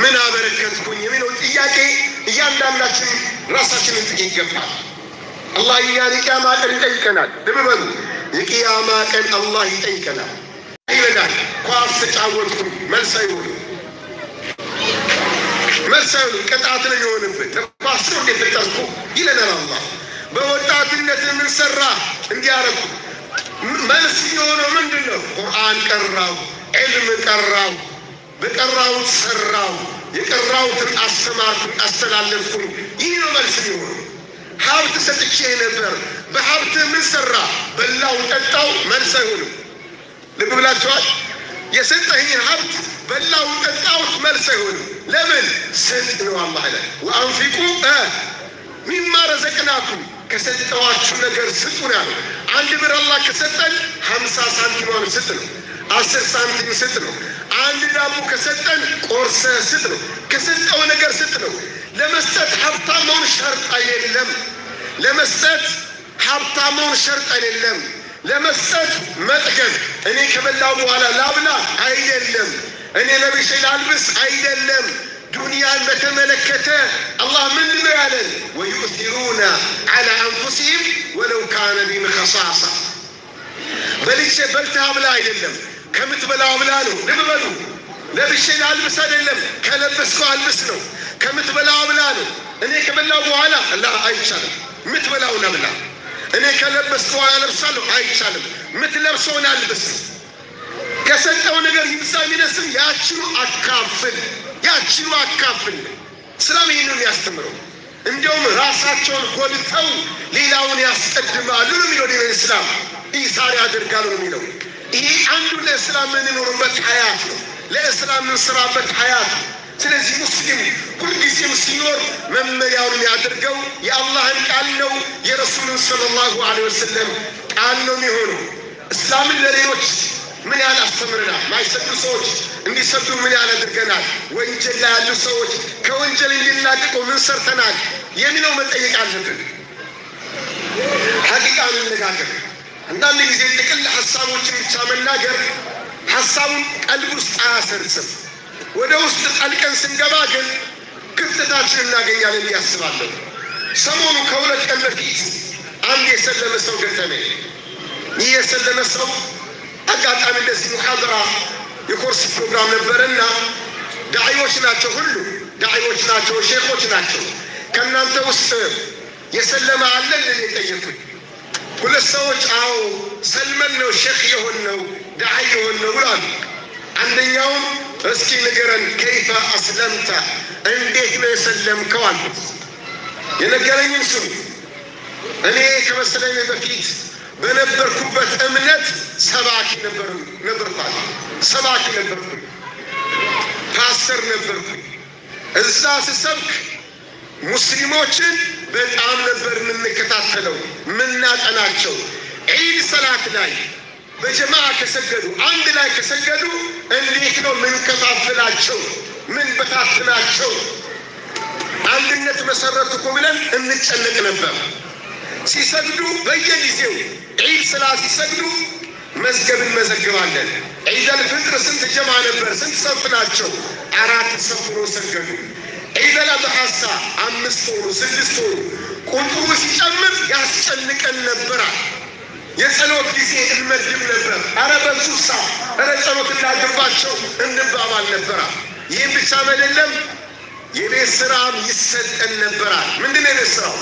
ምን አበረከትኩኝ የሚለው ጥያቄ እያንዳንዳችን ራሳችንን ጥቅ ይገባል። አላህ እኛን የቅያማ ቀን ይጠይቀናል። ልብ በሉ፣ የቅያማ ቀን አላህ ይጠይቀናል። ይበላል ኳስ ተጫወትኩ መልሳ አይሆንም፣ መልስ ቅጣት ነው የሚሆንብህ። ኳስ ነው እንደፈጠርኩ ይለናል አላህ። በወጣትነት ምን ሰራ እንዲያረኩ መልስ የሆነው ምንድን ነው? ቁርአን ቀራው፣ ዕልም ቀራው በቀራሁት ሰራሁ፣ የቀራሁትን አስተማርኩኝ፣ አስተላለፍኩኝ። ይህ ነው መልስ ሊሆኑ ሀብት ሰጥቼ ነበር። በሀብት ምን ሰራ? በላው፣ ጠጣው። መልስ አይሆንም። ልብ ብላችኋል። የሰጠኝ ሀብት በላው፣ ጠጣውት፣ መልስ አይሆንም። ለምን ስጥ ነው አላህ ላይ ወአንፊቁ ሚማ ረዘቅናኩም ከሰጠዋችሁ ነገር ስጡ ነው። አንድ ብር አላህ ከሰጠን ሀምሳ ሳንቲም ስጥ ነው። አስር ሳንቲም ስጥ ነው። አንድ ዳቦ ከሰጠን ቆርሰ ስጥ ነው። ከሰጠው ነገር ስጥ ነው። ለመስጠት ሀብታም መሆን ሸርጥ አይደለም። ለመስጠት ሀብታም መሆን ሸርጥ አይደለም። ለመስጠት መጥገብ እኔ ከበላው በኋላ ላብላ አይደለም። እኔ ለብሼ ላልብስ አይደለም። ዱንያን በተመለከተ አላህ ምን ነው ያለን? ወዩእሲሩና ዐላ አንፉሲሂም ወለው ካነ ቢህም ኸሳሳ በልቼ በልተህ አብላ አይደለም ከምትበላው አብላ ነው። ልብ በሉ ለብሼን አልብስ አይደለም፣ ከለበስከው አልብስ ነው። ከምትበላው አብላ ነው። እኔ ከበላው በኋላ ላ አይቻልም። የምትበላውን አብላ። እኔ በኋላ ለብሳለሁ፣ አይቻልም። የምትለብሰውን አልብስ። ከሰጠው ነገር ይብዛ የሚነስም ያችኑ አካፍል፣ ያችኑ አካፍል። ስላም ይህንን ያስተምረው እንዲሁም ራሳቸውን ጎልተው ሌላውን ያስቀድማሉ ነው የሚለው። ዲን ስላም ኢሳሪ ያደርጋሉ ነው የሚለው ይሄ አንዱ ለእስላም የምንኖርበት ሀያት ነው። ለእስላም የምንሰራበት ሀያት ነው። ስለዚህ ሙስሊም ሁልጊዜም ሲኖር መመሪያውን የሚያደርገው የአላህን ቃል ነው፣ የረሱሉን ሰለላሁ ዐለይሂ ወሰለም ቃል ነው የሚሆነው። እስላምን ለሌሎች ምን ያህል አስተምረናል? ማይሰዱ ሰዎች እንዲሰዱ ምን ያህል አድርገናል? ወንጀል ላይ ያሉ ሰዎች ከወንጀል እንዲላቀቁ ምን ሰርተናል? የሚለው መጠየቅ አለብን። ሀቂቃ እንነጋገር አንዳንድ ጊዜ ጥቅል ሀሳቦችን ብቻ መናገር ሀሳቡን ቀልብ ውስጥ አያሰርጽም። ወደ ውስጥ ጠልቀን ስንገባ ግን ክፍተታችን እናገኛለን እያስባለሁ። ሰሞኑ ከሁለት ቀን በፊት አንድ የሰለመ ሰው ገጠመ። ይህ የሰለመ ሰው አጋጣሚ እንደዚህ ሙሐደራ የኮርስ ፕሮግራም ነበረና ዳዕዎች ናቸው፣ ሁሉ ዳዕዎች ናቸው፣ ሼኮች ናቸው። ከእናንተ ውስጥ የሰለመ አለን ልን የጠየኩኝ ሁለት ሰዎች አዎ ሰልመን ነው ሼክ የሆን ነው ደዓ የሆን ነው ብሏል። አንደኛውም እስኪ ንገረን ከይፈ አስለምተ እንዴት ነው የሰለምከው አልኩት። የነገረኝን ስሙ። እኔ ከመሰለኝ በፊት በነበርኩበት እምነት ሰባኪ ነበርኳል። ሰባኪ ነበርኩ፣ ፓስተር ነበርኩ። እዛ ስሰብክ ሙስሊሞችን በጣም ነበር የምንከታተለው ምናጠናቸው። ዒድ ሰላት ላይ በጀማዓ ከሰገዱ አንድ ላይ ከሰገዱ እንዴት ነው ምንከፋፍላቸው? ምን በታትናቸው? አንድነት መሰረቱ እኮ ብለን እንጨነቅ ነበር። ሲሰግዱ በየጊዜው ዒድ ሰላት ሲሰግዱ መዝገብ እንመዘግባለን። ዒደል ፍጥር ስንት ጀማ ነበር? ስንት ሰፍ ናቸው? አራት ሰፍ ነው ሰገዱ። ኢዘላ በሐሳ አምስት ወሩ ስድስት ወሩ ቁጥሩ ሲጨምር ያስጨንቀን ነበራ። የጸሎት ጊዜ እንመድብ ነበር። አረ በሱሳ አረ ጸሎት እንዳገባቸው እንባባል ነበራ። ይህም ብቻ አይደለም፣ የቤት ስራም ይሰጠን ነበራል። ምንድን ነው የቤት ስራው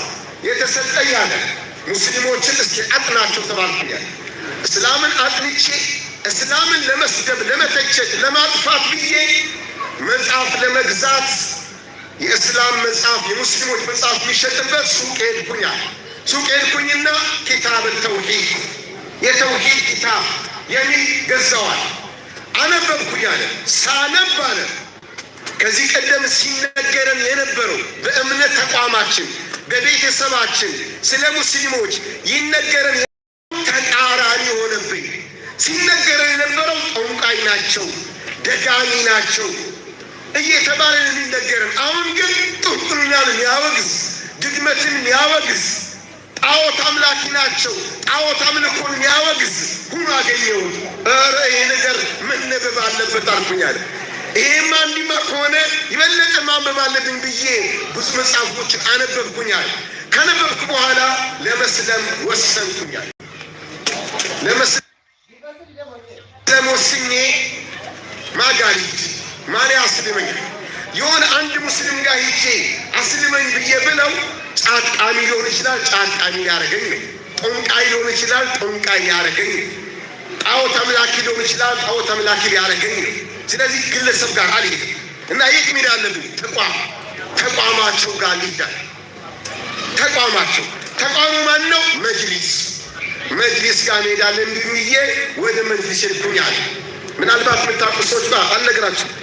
የተሰጠ? ያለ ሙስሊሞችን እስኪ አጥናቸው ተባልኩኛል። እስላምን አጥንቼ እስላምን ለመስደብ ለመተቸት፣ ለማጥፋት ብዬ መጽሐፍ ለመግዛት የእስላም መጽሐፍ የሙስሊሞች መጽሐፍ የሚሸጥበት ሱቅ ሄድኩኛል። ሱቅ ሄድኩኝና ኪታብ ተውሂድ የተውሂድ ኪታብ የሚል ገዛዋል። አነበብኩኝ አለ። ሳነብ አለ ከዚህ ቀደም ሲነገረን የነበረው በእምነት ተቋማችን፣ በቤተሰባችን ስለ ሙስሊሞች ይነገረን ተቃራኒ ሆነብኝ። ሲነገረን የነበረው ጠንቋይ ናቸው፣ ደጋሚ ናቸው እየተባለ የሚነገርን አሁን ግን ጥንቁልናን የሚያወግዝ ድግመትን የሚያወግዝ ጣዖት አምላኪ ናቸው ጣዖት አምልኮን የሚያወግዝ ሁሉ አገኘው። ኧረ ይሄ ነገር መነበብ አለበት አልኩኛል። ይሄማ እንዲማ ከሆነ የበለጠ ማንበብ አለብኝ ብዬ ብዙ መጽሐፎችን አነበብኩኛል። ከነበብኩ በኋላ ለመስለም ወሰንኩኛል። ለመስለም ወስኜ ማጋሪት ማን ያስልመኛል? የሆነ አንድ ሙስሊም ጋር ሂጄ አስልመኝ ብዬ ብለው ጫት ቃሚ ሊሆን ይችላል፣ ጫት ቃሚ ያደረገኝ ነው። ጦንቃይ ሊሆን ይችላል፣ ጦንቃይ ያደረገኝ ነው። ጣዖት አምላኪ ሊሆን ይችላል፣ ጣዖት አምላኪ ያደረገኝ ነው። ስለዚህ ግለሰብ ጋር አልሄድም እና የት ሚድ አለብን? ተቋም ተቋማቸው ጋር ሊዳል ተቋማቸው ተቋሙ ማን ነው? መጅሊስ መጅሊስ ጋር እንሄዳለን ብዬ ወደ መጅሊስ ልኩኛል። ምናልባት የምታውቁ ሰዎች ጋር አልነግራችሁም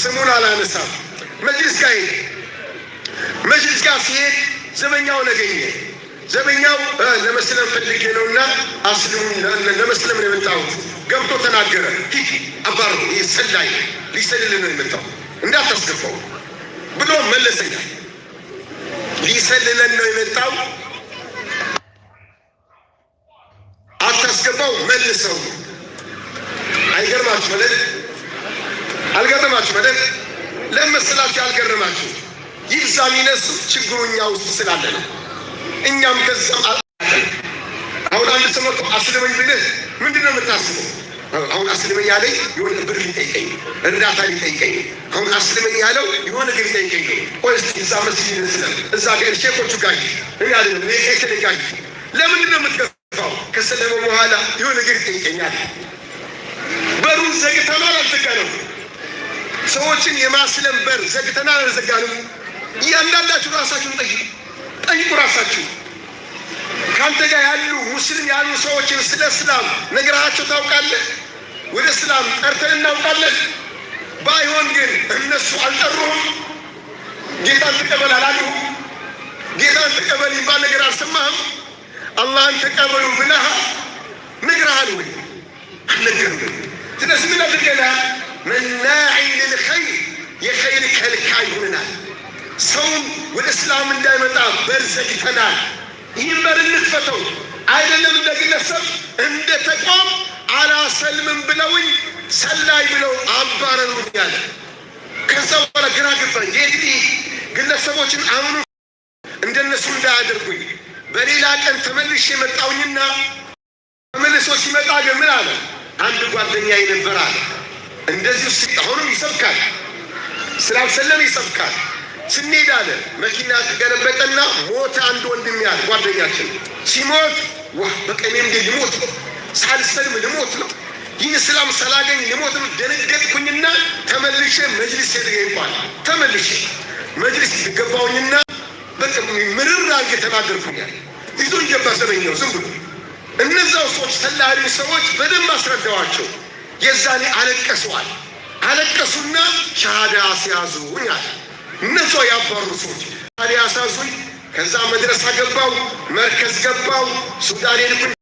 ስሙን አላነሳም። መጅልስ ጋር ሄደ። መጅልስ ጋር ሲሄድ ዘበኛውን አገኘ። ዘበኛው ለመስለም ፈልጌ ነው እና ለመስለም ነው የመጣሁት ገብቶ ተናገረ። ሂድ አባር ሰላይ ሊሰልል ነው የመጣው እንዳታስገባው ብሎ መለሰኛ። ሊሰልለን ነው የመጣው አታስገባው መልሰው። አይገርማችሁ ማለት አልገረማችሁ መደል ለመስላችሁ አልገረማችሁ። ይህ ዛሚነስ ችግሩ እኛ ውስጥ ስላለ ነው። እኛም ከዛም አልቀን አሁን አንድ ሰው መጥቶ አስልመኝ ብልህ ምንድን ነው የምታስበው? አሁን አስልመኝ ያለኝ የሆነ ብር ሊጠይቀኝ እርዳታ ሊጠይቀኝ አሁን አስልመኝ ያለው የሆነ ነገር ሊጠይቀኝ ነው። ቆይ እስኪ እዛ መስጊድ ስለም እዛ ጋር ሼኮቹ ጋር ያለ ኤክል ጋር ለምንድን ነው የምትገፋው? ከሰለመ በኋላ የሆነ ነገር ይጠይቀኛል። በሩን ዘግተናል፣ አልዘጋ ነው ሰዎችን የማስለም በር ዘግተና አልዘጋንም? እያንዳንዳችሁ ራሳችሁን ጠይቁ፣ ጠይቁ ራሳችሁ። ከአንተ ጋር ያሉ ሙስሊም ያሉ ሰዎችን ስለ እስላም ነገራቸው ታውቃለህ? ወደ እስላም ጠርተን እናውቃለን? ባይሆን ግን እነሱ አልጠሩህም። ጌታን ትቀበል አላሉ? ጌታን ትቀበል ይባል ነገር አልሰማህም። አላህን ተቀበሉ ብለህ ነግረሃል ወይ? አልነገርም። ስለዚህ ምን አድርገናል? መናዒ ልልኸይ የኸይል ከልካ ይሆንናል። ሰውም ወደ እስላም እንዳይመጣ በር ዘግተናል። ይህም በር እንክፈተው። አይደለም እንደ ግለሰብ እንደ ተቋም አላሰልምም ብለውኝ ሰላይ ብለው አባረሩኝ ያለ ከዛ በኋላ ግራ ገባኝ። የእንግዲህ ግለሰቦችን አምኑ እንደነሱ እንዳያደርጉኝ በሌላ ቀን ተመልሼ የመጣውኝና ተመልሶ ሲመጣ ግን ምን አለ አንድ ጓደኛ ይነበር አለ እንደዚህ ውስጥ አሁንም ይሰብካል። ስላልሰለም ይሰብካል። ስንሄድ አለ መኪና ተገለበጠና ሞተ። አንድ ወንድም ያለ ጓደኛችን ሲሞት ዋ በቀኔም እንዴ ልሞት ነው ሳልሰልም ልሞት ነው ይህ እስላም ሳላገኝ ልሞት ነው ደነገጥኩኝና ተመልሼ መጅሊስ ሄድገ ይባል ተመልሼ መጅሊስ ገባሁኝና ምርር አድርጌ ተናገርኩኛል። ይዞ እንጀባ ሰበኛው ዝም ብሎ እነዛው ሰዎች ሰላሪ ሰዎች በደንብ አስረዳዋቸው። የዛኔ አለቀሰዋል። አለቀሱና ሻሃዳ ሲያዙኝ አለ። እነሷ ያባሩ ሰዎች ሻሃዳ ያሳዙኝ። ከዛ መድረሳ ገባው፣ መርከዝ ገባው፣ ሱዳን ሄድኩኝ።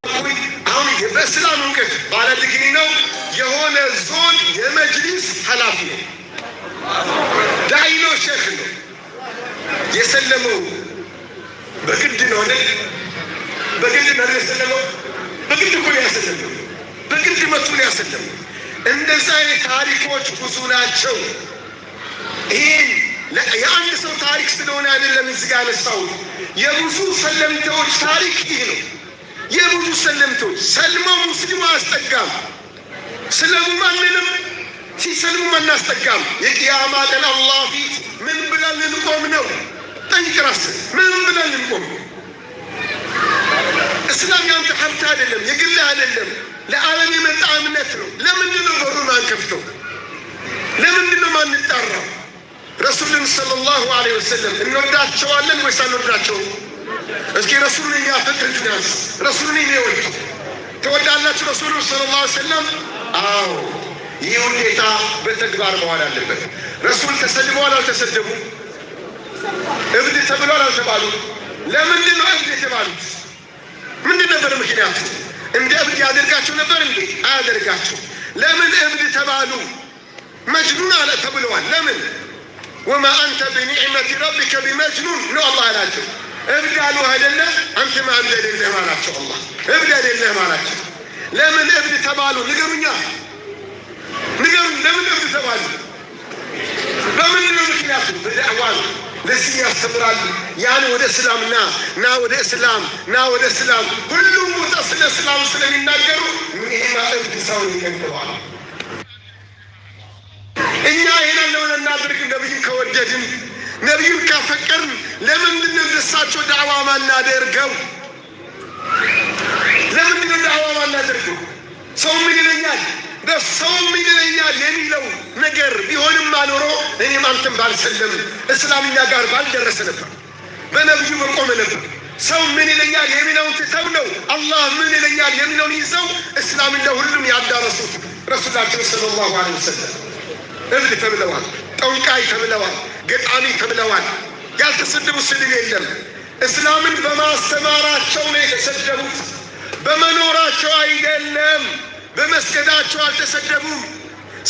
አሁን በእስላም እውቀት ባለ ዲግሪ ነው። የሆነ ዞን የመጅሊስ ኃላፊ ነው፣ ዳይኖ ነው፣ ሼክ ነው። የሰለመው በግድ ነው ነ በግድ ነው የሰለመው። በግድ እኮ ያሰለመው። በግድ መቱ ያሰለመው። አይነት ታሪኮች ብዙ ናቸው። ይህን የአንድ ሰው ታሪክ ስለሆነ አይደለም እዚህ ጋ አነሳው። የብዙ ሰለምተዎች ታሪክ ይህ ነው። የብዙ ሰለምተዎች ሰልሞ ሙስሊሙ አያስጠጋም። ስለሙ ማንንም ሲሰልሙ አናስጠጋም። የቅያማ ቀን አላህ ፊት ምን ብለን ልንቆም ነው? ጠይቅ ምን ብለን ልንቆም? እስላም ያንተ ሀብት አይደለም፣ የግላ አይደለም። ለዓለም የመጣ እምነት ነው። ለምንድን ነው በሩን አንከፍተው? ለምንድን ነው ማንጠራው? ረሱልን ሰለላሁ ዐለይሂ ወሰለም እንወዳቸዋለን ወይስ አንወዳቸውም? እስኪ ረሱሉን የሚያፈቅር ረሱሉን የሚወድ ተወዳላችሁ? ረሱሉ ሰለላሁ ዐለይሂ አዎ ይህ ሁኔታ በተግባር መዋል አለበት። ረሱል ተሰድበዋል አልተሰደቡ? እብድ ተብሏል አልተባሉ? ለምንድን ነው እብድ የተባሉት? ምንድን ነበር ምክንያቱ? እንደ እብድ ያደርጋችሁ ነበር እንዴ? አያደርጋቸው ለምን እብድ ተባሉ? መጅኑን አለ ተብለዋል። ለምን ወማ አንተ ብኒዕመት ረቢከ ቢመጅኑን ነው አላህ አላቸው። እብድ አሉ አይደለ? ማ እብድ አይደለህም አላቸው። አላህ እብድ አይደለህም አላቸው። ለምን እብድ ተባሉ? ንገሩኛ፣ ንገሩ። ለምን እብድ ተባሉ? በምንድነው ምክንያቱ? በዳዕዋን ለዚህ ያስተምራሉ። ያን ወደ እስላም ና ና ወደ እስላም ና ወደ እስላም ሁሉም ቦታ ስለ እስላም ስለሚናገሩ ይህማ እብድ ሰውን ይቀንጥለዋል። እኛ ይህን ለሆነ እናድርግ። ነቢዩን ከወደድም ነቢዩን ካፈቀርን ለምንድነው ደሳቸው ዳዕዋ ማናደርገው? ለምንድነው ዳዕዋ ማናደርገው? ሰው ምን ይለኛል በሰውም ይድነኛል የሚለው ነገር ቢሆንም አኖሮ እኔም አንተም ባልሰለም እስላምኛ ጋር ባልደረሰ ነበር፣ በነብዩ በቆመ ነበር። ሰው ምን ይለኛል የሚለውን ትተው ነው አላህ ምን ይለኛል የሚለውን ይዘው እስላምን ለሁሉም ያዳረሱት ረሱላችን ሰለላሁ ዐለይሂ ወሰለም። እብድ ተብለዋል፣ ጠንቋይ ተብለዋል፣ ገጣሚ ተብለዋል። ያልተሰደቡ ስድብ የለም። እስላምን በማስተማራቸው ነው የተሰደቡት፣ በመኖራቸው አይደለም። በመስገዳቸው አልተሰደቡም።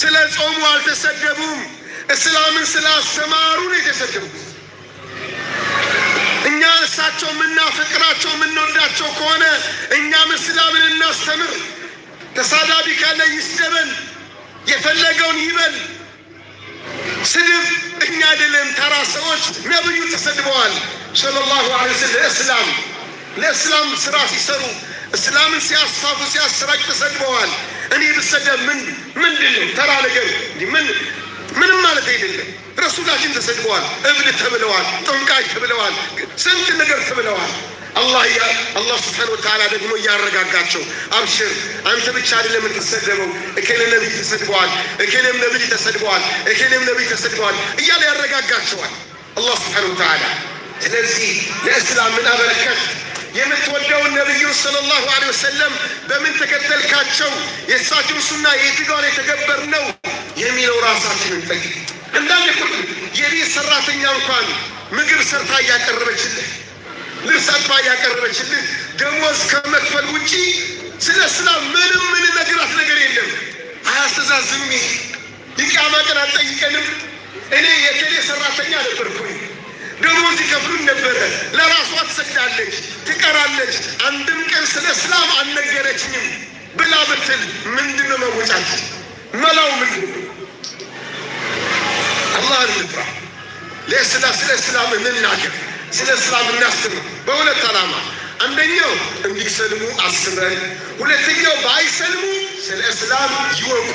ስለ ጾሙ አልተሰደቡም። እስላምን ስላስተማሩ ነው የተሰደቡት። እኛ እሳቸው የምናፈቅራቸው የምንወዳቸው ከሆነ እኛም እስላምን እናስተምር። ተሳዳቢ ካለ ይስደበን፣ የፈለገውን ይበል። ስድብ እኛ አይደለም ተራ ሰዎች ነብዩ ተሰድበዋል፣ ሰለላሁ ዐለይሂ ወሰለም ለእስላም ለእስላም ስራ ሲሰሩ እስላምን ሲያስፋፉ ሲያሰራጭ ተሰድበዋል። እኔ ብሰደብ ምን ምንድን ነው ተራ ነገር ምን ምንም ማለት አይደለም። ረሱላችን ተሰድበዋል፣ እብድ ተብለዋል፣ ጠንቋይ ተብለዋል፣ ስንት ነገር ተብለዋል። አላህ አላህ ስብሓነሁ ወተዓላ ደግሞ እያረጋጋቸው አብሽር፣ አንተ ብቻ አይደለም የምትሰደበው። እከሌም ነቢይ ተሰድበዋል፣ እከሌም ነቢይ ተሰድበዋል፣ እከሌም ነቢይ ተሰድበዋል እያለ ያረጋጋቸዋል አላህ ስብሓነሁ ወተዓላ። ስለዚህ ለእስላም ምን አበረከት የምትወደውን ነቢዩን ሰለላሁ ዐለይሂ ወሰለም በምን ተከተልካቸው? የእሳቸውን ሱና የት ጋር የተገበር ነው የሚለው ራሳችን እንጠይቅ። እንዳንድ ቁጥር የቤት ሰራተኛ እንኳን ምግብ ሰርታ እያቀረበችልህ፣ ልብስ አጥባ እያቀረበችልህ ደሞዝ ከመክፈል ውጪ ስለ ስላም ምንም ምንነግራት ነገር የለም። አያስተዛዝም። ይህ ይቃማ ቀን አልጠይቀንም። እኔ የቴሌ ሰራተኛ ነበርኩኝ ደሞዝ ይከፍሉን ነበረ። ለራሷ ትሰግዳለች፣ ትቀራለች። አንድም ቀን ስለ እስላም አልነገረችኝም ብላ ብትል ምንድን ነው መወጫት? መላው ምንድን ነው? አላህ እንፍራ። ለስላ ስለ እስላም እንናገር፣ ስለ እስላም እናስብ። በሁለት ዓላማ አንደኛው እንዲሰልሙ አስበን፣ ሁለተኛው በአይሰልሙ ስለ እስላም ይወቁ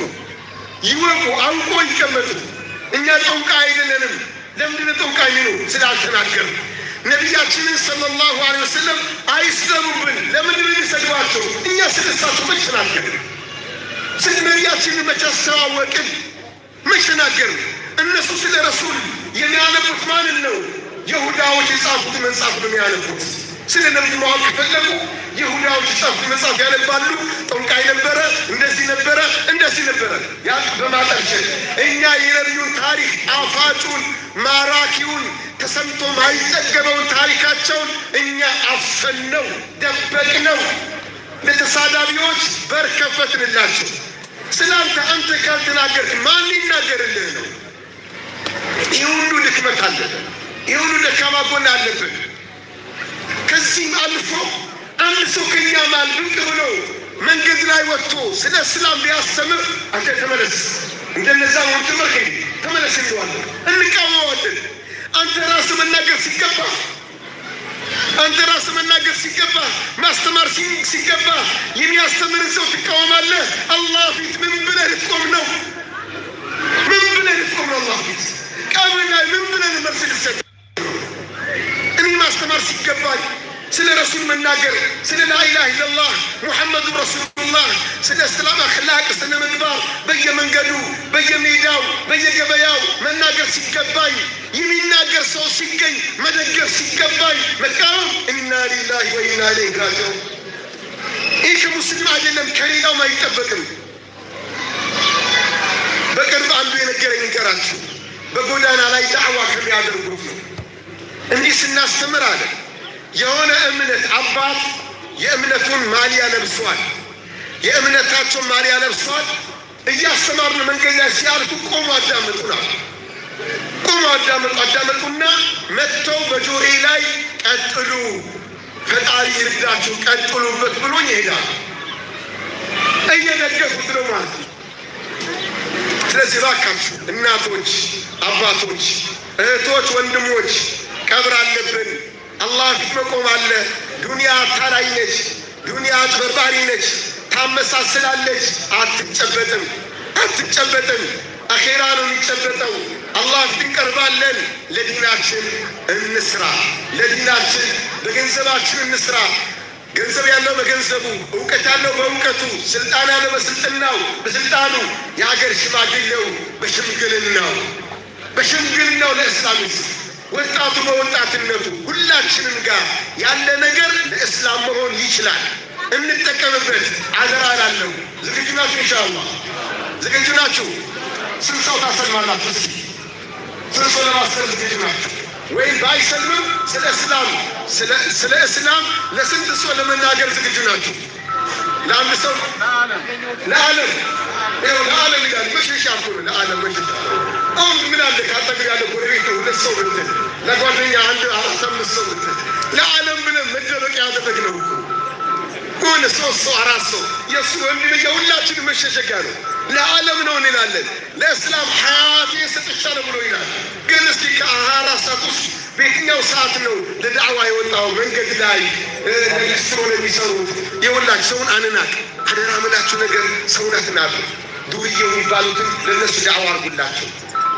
ይወቁ፣ አውቆ ይቀመጡ። እኛ ጠውቃ አይደለንም። ለምንድን ጠንቃይ ነው ስላልተናገር ነቢያችንን ሰለላሁ ዐለይሂ ወሰለም አይስለሙብን። ለምንድን የሚሰድባቸው እኛ ስለሳቸው መች ተናገር? ስለ ነቢያችንን መች አስተዋወቅን? መች ተናገር? እነሱ ስለ ረሱል የሚያነቡት ማንን ነው? የሁዳዎች የጻፉት መጽሐፍ ነው የሚያነቡት። ስለ ነቢይ ማወቅ ከፈለጉ ይሁዳዎች ጻፉ፣ መጽሐፍ ያነባሉ። ጠንቋይ ነበረ፣ እንደዚህ ነበረ፣ እንደዚህ ነበረ። ያ በማጠርሸት እኛ የነቢዩን ታሪክ ጣፋጩን፣ ማራኪውን፣ ተሰምቶ ማይጠገበውን ታሪካቸውን እኛ አፈነው ነው ደበቅ ነው ለተሳዳቢዎች በር ከፈትንላቸው። ስላንተ አንተ ካልተናገርክ ማን ይናገርልህ ነው? ይህ ሁሉ ድክመት አለብን። ይህ ሁሉ ደካማ ጎን አለብን። ከዚህም አልፎ አንድ ሰው ከኛ ማል ድንቅ ብሎ መንገድ ላይ ወጥቶ ስለ እስላም ቢያስተምር አንተ ተመለስ፣ እንደነዛ ሆን ትምህርክ ተመለስ እንለዋለን፣ እንቃወማዋለን። አንተ ራስህ መናገር ሲገባ አንተ ራስህ መናገር ሲገባ ማስተማር ሲገባ የሚያስተምርን ሰው ትቃወማለህ። አላህ ፊት ምን ብለህ ልትቆም ነው? ምን ብለህ ልትቆም ነው? የምናገር ስለ ላኢላሃ ኢለላህ ሙሐመዱ ረሱሉላህ፣ ስለ እስላም አክላቅ፣ ስነ ምግባር በየመንገዱ በየሜዳው በየገበያው መናገር ሲገባኝ የሚናገር ሰው ሲገኝ መደገፍ ሲገባኝ መቃወም፣ ኢና ሊላሂ ወኢና ኢለይሂ ራጂዑን። ይህ ከሙስሊም አይደለም ከሌላውም አይጠበቅም። በቅርብ አንዱ የነገረኝ ንገራችሁ፣ በጎዳና ላይ ዳዕዋ ከሚያደርጉ እንዲህ ስናስተምር አለ የሆነ እምነት አባት የእምነቱን ማሊያ ለብሷል። የእምነታቸውን ማሊያ ለብሷል። እያስተማሩ መንገድ ላይ ሲያልፉ ቆሙ አዳምጡናል። ቆሙ አዳምጡ። አዳምጡና መጥተው በጆሬ ላይ ቀጥሉ፣ ፈጣሪ ይርዳችሁ፣ ቀጥሉበት ብሎኝ ይሄዳል። እየነገፉት ነው ማለት ነው። ስለዚህ እባካችሁ እናቶች፣ አባቶች፣ እህቶች፣ ወንድሞች ቀብር አለብን አላህ ፊት መቆም አለ። ዱንያ አታላይ ነች፣ ዱንያ አጭበርባሪ ነች፣ ታመሳስላለች። አትጨበጥም፣ አትጨበጥም። አኼራ ነው የሚጨበጠው። አላህ ፊት እንቀርባለን። ለዲናችን እንስራ፣ ለዲናችን በገንዘባችን እንስራ። ገንዘብ ያለው በገንዘቡ፣ እውቀት ያለው በእውቀቱ፣ ስልጣን ያለው በስልጥናው በስልጣኑ፣ የሀገር ሽማግሌው በሽምግልናው በሽምግልናው፣ ለእስላም ወጣቱ በወጣትነቱ ሁላችንም ጋር ያለ ነገር ለእስላም መሆን ይችላል። እንጠቀምበት። አደራ ላለው ዝግጁ ናችሁ? እንሻላ ዝግጁ ናችሁ? ስንት ሰው ታሰልማላችሁ? እስኪ ስንት ሰው ለማሰል ዝግጁ ናችሁ? ወይም ባይሰልምም ስለ እስላም ስለ እስላም ለስንት ሰው ለመናገር ዝግጁ ናችሁ? ለአንድ ሰው ለዓለም ለዓለም ይላል መሸሻ ለዓለም መሸሻ አሁን ምን አለ ካጠገብ ያለ ጎረቤት ሁለት ሰው ምንትን ለጓደኛ አንድ አራት አምስት ሰው ለዓለም ብለን መደበቂያ ያደረግነው ነው ሶስት ሰው አራት ሰው የእሱ ወንድም የሁላችን መሸሸጊያ ነው። ለዓለም ነው እንላለን። ለእስላም ሀያቴ ሰጥቻለሁ ብሎ ይላል። ግን እስቲ ከሀያ ሰዓት ውስጥ በየትኛው ሰዓት ነው ለዳዕዋ የወጣው? መንገድ ላይ ለሚስትሮ የሚሰሩት የወላጅ ሰውን አንናቅ። አደራ ምላችሁ ነገር ሰውን አትናቁ። ዱርዬው የሚባሉትን ለእነሱ ዳዕዋ አርጉላቸው።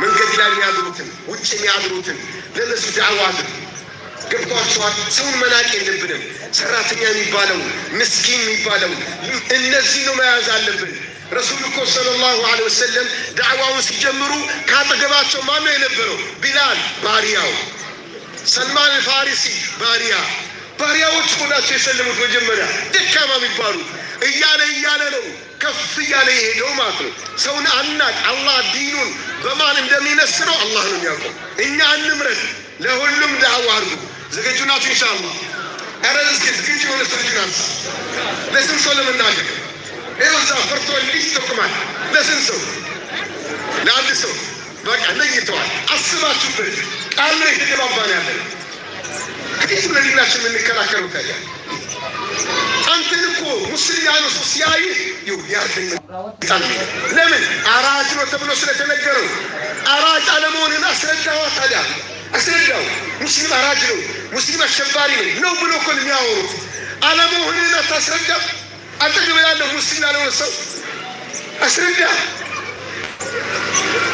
መንገድ ላይ የሚያድሩትን ውጭ የሚያድሩትን ለነሱ ዳዕዋ ገብቷቸዋል። ሰውን መናቅ የለብንም። ሰራተኛ የሚባለው ምስኪን የሚባለው እነዚህ ነው መያዝ አለብን። ረሱል እኮ ሰለላሁ ዐለይሂ ወሰለም ዳዕዋውን ሲጀምሩ ካጠገባቸው ማን ነው የነበረው? ቢላል ባሪያው፣ ሰልማን ፋሪሲ ባሪያ። ባሪያዎች ሆናቸው የሰለሙት መጀመሪያ ደካማ የሚባሉ እያለ እያለ ነው ከፍ እያለ የሄደው ማለት ነው። ሰውን አናቅ። አላህ ዲኑን በማን እንደሚመስለው አላህ ነው የሚያውቀው። እኛ እንምረት። ለሁሉም ዳዕዋ አድርጉ። ዝግጁ ናችሁ? እንሻላ አረዝ ዝግጁ የሆነ ሰው ናት። ለስንት ሰው ለመናገር ይኸው እዛ ፈርቶ ልጅ ይጠቁማል። ለስንት ሰው ለአንድ ሰው በቃ ለይተዋል። አስባችሁበት። ቃል ነው የተገባባን ያለ ከዚህ ለዲናችን የምንከላከሉ ታዲያ አንተን እኮ ሙስሊያኖስ ሲያዩ ለምን አራጅ ነው ተብሎ ስለተነገረው አራጅ አለመሆንን አስረዳዋ። ታዲያ አስረዳው። ሙስሊም አራጅ ነው፣ ሙስሊም አሸባሪ ነው ነው ብሎ እኮ የሚያወሩት አለመሆንን አታስረዳም። አጠገብ ያለው ሙስሊም ያለሆነ ሰው አስረዳ።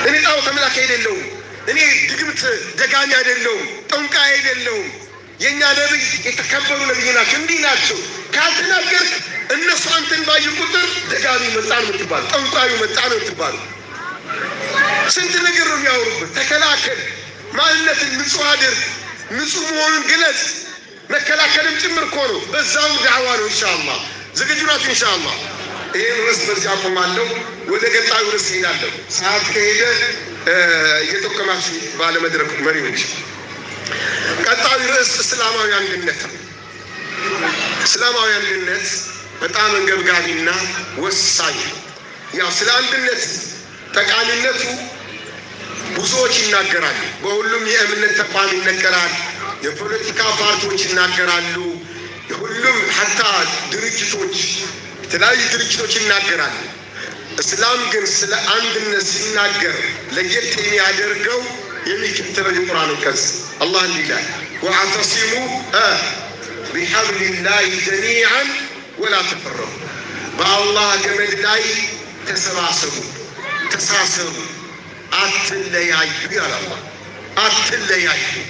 እኔ ጣዖት አምላክ አይደለሁም፣ እኔ ድግምት ደጋሚ አይደለሁም፣ ጠንቋይ አይደለሁም የእኛ ነቢይ የተከበሩ ነቢይ ናቸው። እንዲህ ናቸው። ካልተናገርክ እነሱ አንተን ባዩ ቁጥር ደጋሚ መጣ ነው የምትባሉ፣ ጠንቋዩ መጣ ነው የምትባሉ። ስንት ነገር ነው የሚያወሩበት። ተከላከል፣ ማንነትን ንጹህ አድርግ፣ ንጹህ መሆኑን ግለጽ። መከላከልም ጭምር እኮ ነው። በዛው ዳዕዋ ነው። እንሻላ ዝግጁ ናቸው። እንሻላ ይህን ርዕስ በዚህ አቆማለሁ። ወደ ገጣዩ ርዕስ ይሄዳለሁ። ሰዓት ከሄደ እየጠቀማችሁ ባለመድረክ መሪዎች ቀጣዩ ርዕስ እስላማዊ አንድነት ነው። እስላማዊ አንድነት በጣም እንገብጋቢና ወሳኝ ያው ስለ አንድነት ጠቃሚነቱ ብዙዎች ይናገራሉ። በሁሉም የእምነት ተቋም ይነገራል። የፖለቲካ ፓርቲዎች ይናገራሉ። የሁሉም ሀታ ድርጅቶች፣ የተለያዩ ድርጅቶች ይናገራሉ። እስላም ግን ስለ አንድነት ሲናገር ለየት የሚያደርገው يلي كتب القران الكرس الله اللي قال واعتصموا آه بحبل الله جميعا ولا تفرقوا با الله جمد الله تسراسموا تسراسموا اتلياجوا يا الله اتلياجوا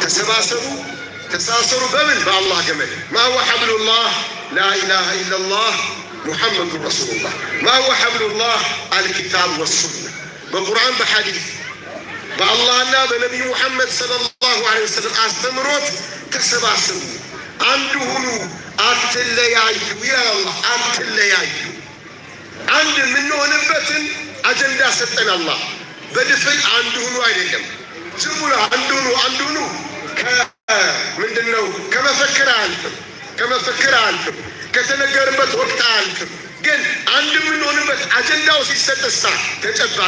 تسراسموا تساسروا بمن با الله جمل ما هو حبل الله لا إله إلا الله محمد رسول الله ما هو حبل الله الكتاب والسنة بالقرآن بحديث በአላህና በነቢይ ሙሐመድ ሰለላሁ ዐለይሂ ወሰለም አስተምሮት ተሰባስቡ፣ አንድ ሁኑ፣ አትለያዩ ይላል አትለያዩ አንድ የምንሆንበትን አጀንዳ ሰጠን አላህ። በድፍን አንድ ሁኑ አይደለም። ዝም ብሎ አንድ ሁኑ አንድ ሁኑ ምንድን ነው? ከመፈክር አያልፍም፣ ከመፈክር አያልፍም፣ ከተነገርበት ወቅት አያልፍም። ግን አንድ የምንሆንበት አጀንዳው ሲሰጥሳ ተጨባ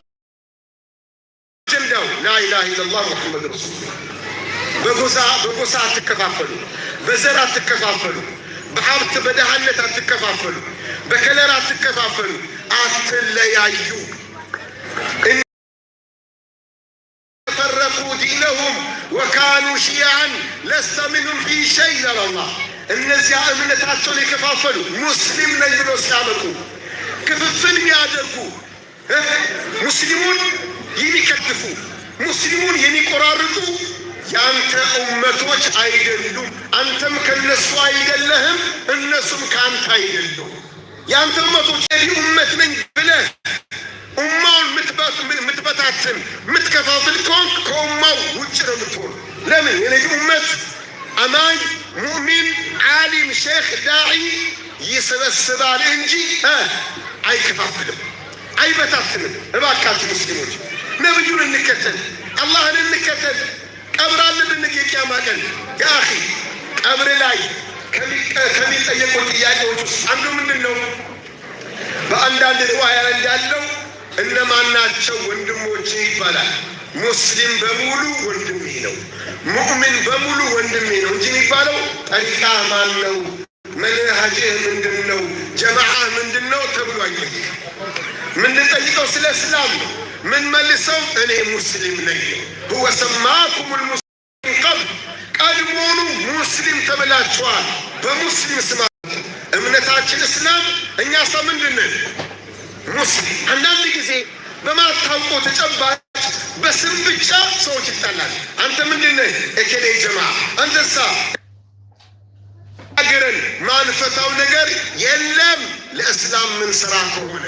ላኢላሃ ኢለላህ ሙሐመድ ረሱሉላህ። በጎሳ አትከፋፈሉ፣ በዘር አትከፋፈሉ፣ በሀብት በድህነት አትከፋፈሉ፣ በከለር አትከፋፈሉ፣ አትለያዩ። ፈረቁ ዲነሁም ወካኑ ሽያዕን ለስተ ሚንሁም ፊ ሸይ ይላላህ። እነዚያ እምነታቸውን የከፋፈሉ ሙስሊም ነኝ ብሎ ሲያመጡ ክፍፍል የሚያደርጉ ሙስሊሙን የሚከድፉ ሙስሊሙን የሚቆራርጡ የአንተ እመቶች አይደሉም። አንተም ከነሱ አይደለህም፣ እነሱም ከአንተ አይደሉም። የአንተ እመቶች የዲ እመት ነኝ ብለህ እማውን ምትበታትን ምትከፋፍል ከሆን ከእማው ውጭ ነው ለምን የነዲ እመት አማኝ፣ ሙእሚን፣ ዓሊም፣ ሼክ፣ ዳዒ ይሰበስባል እንጂ አይከፋፍልም፣ አይበታትንም። እባካችሁ ሙስሊሞች ነብዩን እንከተል፣ አላህን እንከተል። ቀብር አለብን የቂያማ ቀን ያ ቀብር ላይ ከሚጠየቁ ጥያቄዎች ውስጥ አንዱ ምንድን ነው? በአንዳንድ ሩዋያ እንዳለው እነማን ናቸው ወንድሞች ይባላል። ሙስሊም በሙሉ ወንድሜ ነው፣ ሙእሚን በሙሉ ወንድሜ ነው እንጂ የሚባለው ጠሪቃ ማን ነው፣ መንሃጅህ ምንድን ነው፣ ጀማዓ ምንድን ነው ተብሎ አይጠይቅም። የምንጠይቀው ስለ እስላም ነው። ምን መልሰው እኔ ሙስሊም ነኝ ሁወ ሰማኩም ልሙስሊም ቀብል ቀድሞኑ ሙስሊም ተብላችኋል። በሙስሊም ስማ እምነታችን እስላም እኛ ሰ ምንድንን ሙስሊም። አንዳንድ ጊዜ በማታውቆ ተጨባጭ በስም ብቻ ሰዎች ይጣላል። አንተ ምንድነ እከሌ ጀማ አንተሳ ሀገርን ማንፈታው ነገር የለም። ለእስላም ምን ስራ ከሆነ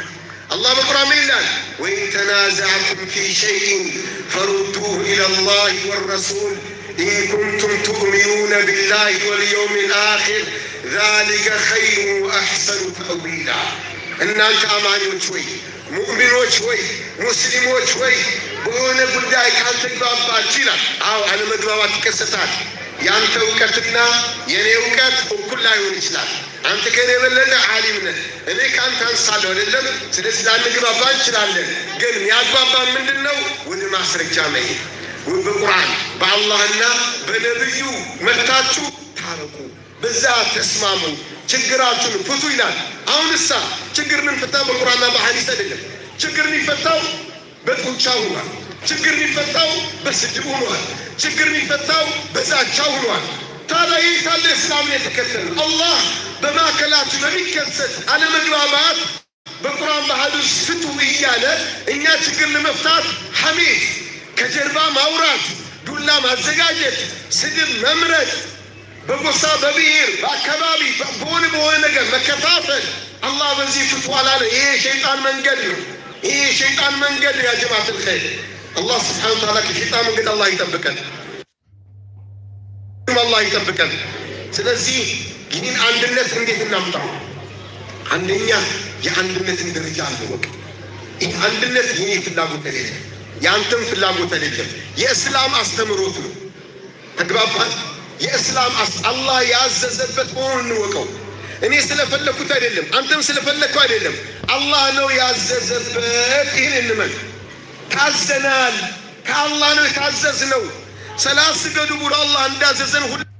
الله بقرأ من وإن تنازعتم في شيء فردوه إلى الله والرسول إن كنتم تؤمنون بالله واليوم الآخر ذلك خير وأحسن تأويلا إن أنت أمان شوي مؤمن شوي مسلم شوي بقول لك أنت أكل تجربة أو أنا مجربة كستان የአንተ እውቀትና የእኔ እውቀት እኩል ላይሆን ይችላል። አንተ ከእኔ የበለጠ ዓሊም ነህ፣ እኔ ከአንተ አንሳለሁ አይደለም። ስለዚህ ላንግባባ እንችላለን። ግን ያግባባ ምንድን ነው? ወደ ማስረጃ መሄድ በቁርአን በአላህና በነብዩ መታችሁ ታረቁ፣ በዛ ተስማሙ፣ ችግራችሁን ፍቱ ይላል። አሁን እሳ ችግር ምንፈታ በቁርአንና በሐዲስ አይደለም። ችግር ይፈታው በጡንቻ ሁኗል። ችግር የሚፈታው በስድብ ሆኗል። ችግር የሚፈታው በዛቻ ሆኗል። ታዲያ ይህ ካለ እስላምን የተከተለ አላህ በማዕከላችን በሚከሰት አለመግባባት በቁርአን በሐዲስ ፍቱ እያለ እኛ ችግር ለመፍታት ሐሜት፣ ከጀርባ ማውራት፣ ዱላ ማዘጋጀት፣ ስድብ መምረጥ፣ በጎሳ በብሔር በአካባቢ በሆነ በሆነ ነገር መከፋፈል አላህ በዚህ ፍቱ አላለ። ይሄ የሸይጣን መንገድ ነው። ይሄ የሸይጣን መንገድ ነው። ያ አላህ ስብሓነ ወተዓላ ከሸይጣን መንገድ አላህ ይጠብቀን፣ አላህ ይጠብቀን። ስለዚህ ይህን አንድነት እንዴት እናምጣው? አንደኛ የአንድነትን ደረጃ አንወቅ። ይህ አንድነት የኔ ፍላጎት አይደለም፣ የአንተም ፍላጎት አይደለም። የእስላም አስተምሮት ነው። ተግባባል? የእስላም አላህ ያዘዘበት መሆኑን እንወቀው። እኔ ስለፈለግኩት አይደለም፣ አንተም ስለፈለግኩ አይደለም። አላህ ነው ያዘዘበት። ይህን እንመን። ታዘናል። ከአላህ ነው የታዘዝነው። ሰላት ስገዱ ብሎ እንዳዘዘን ሁሉ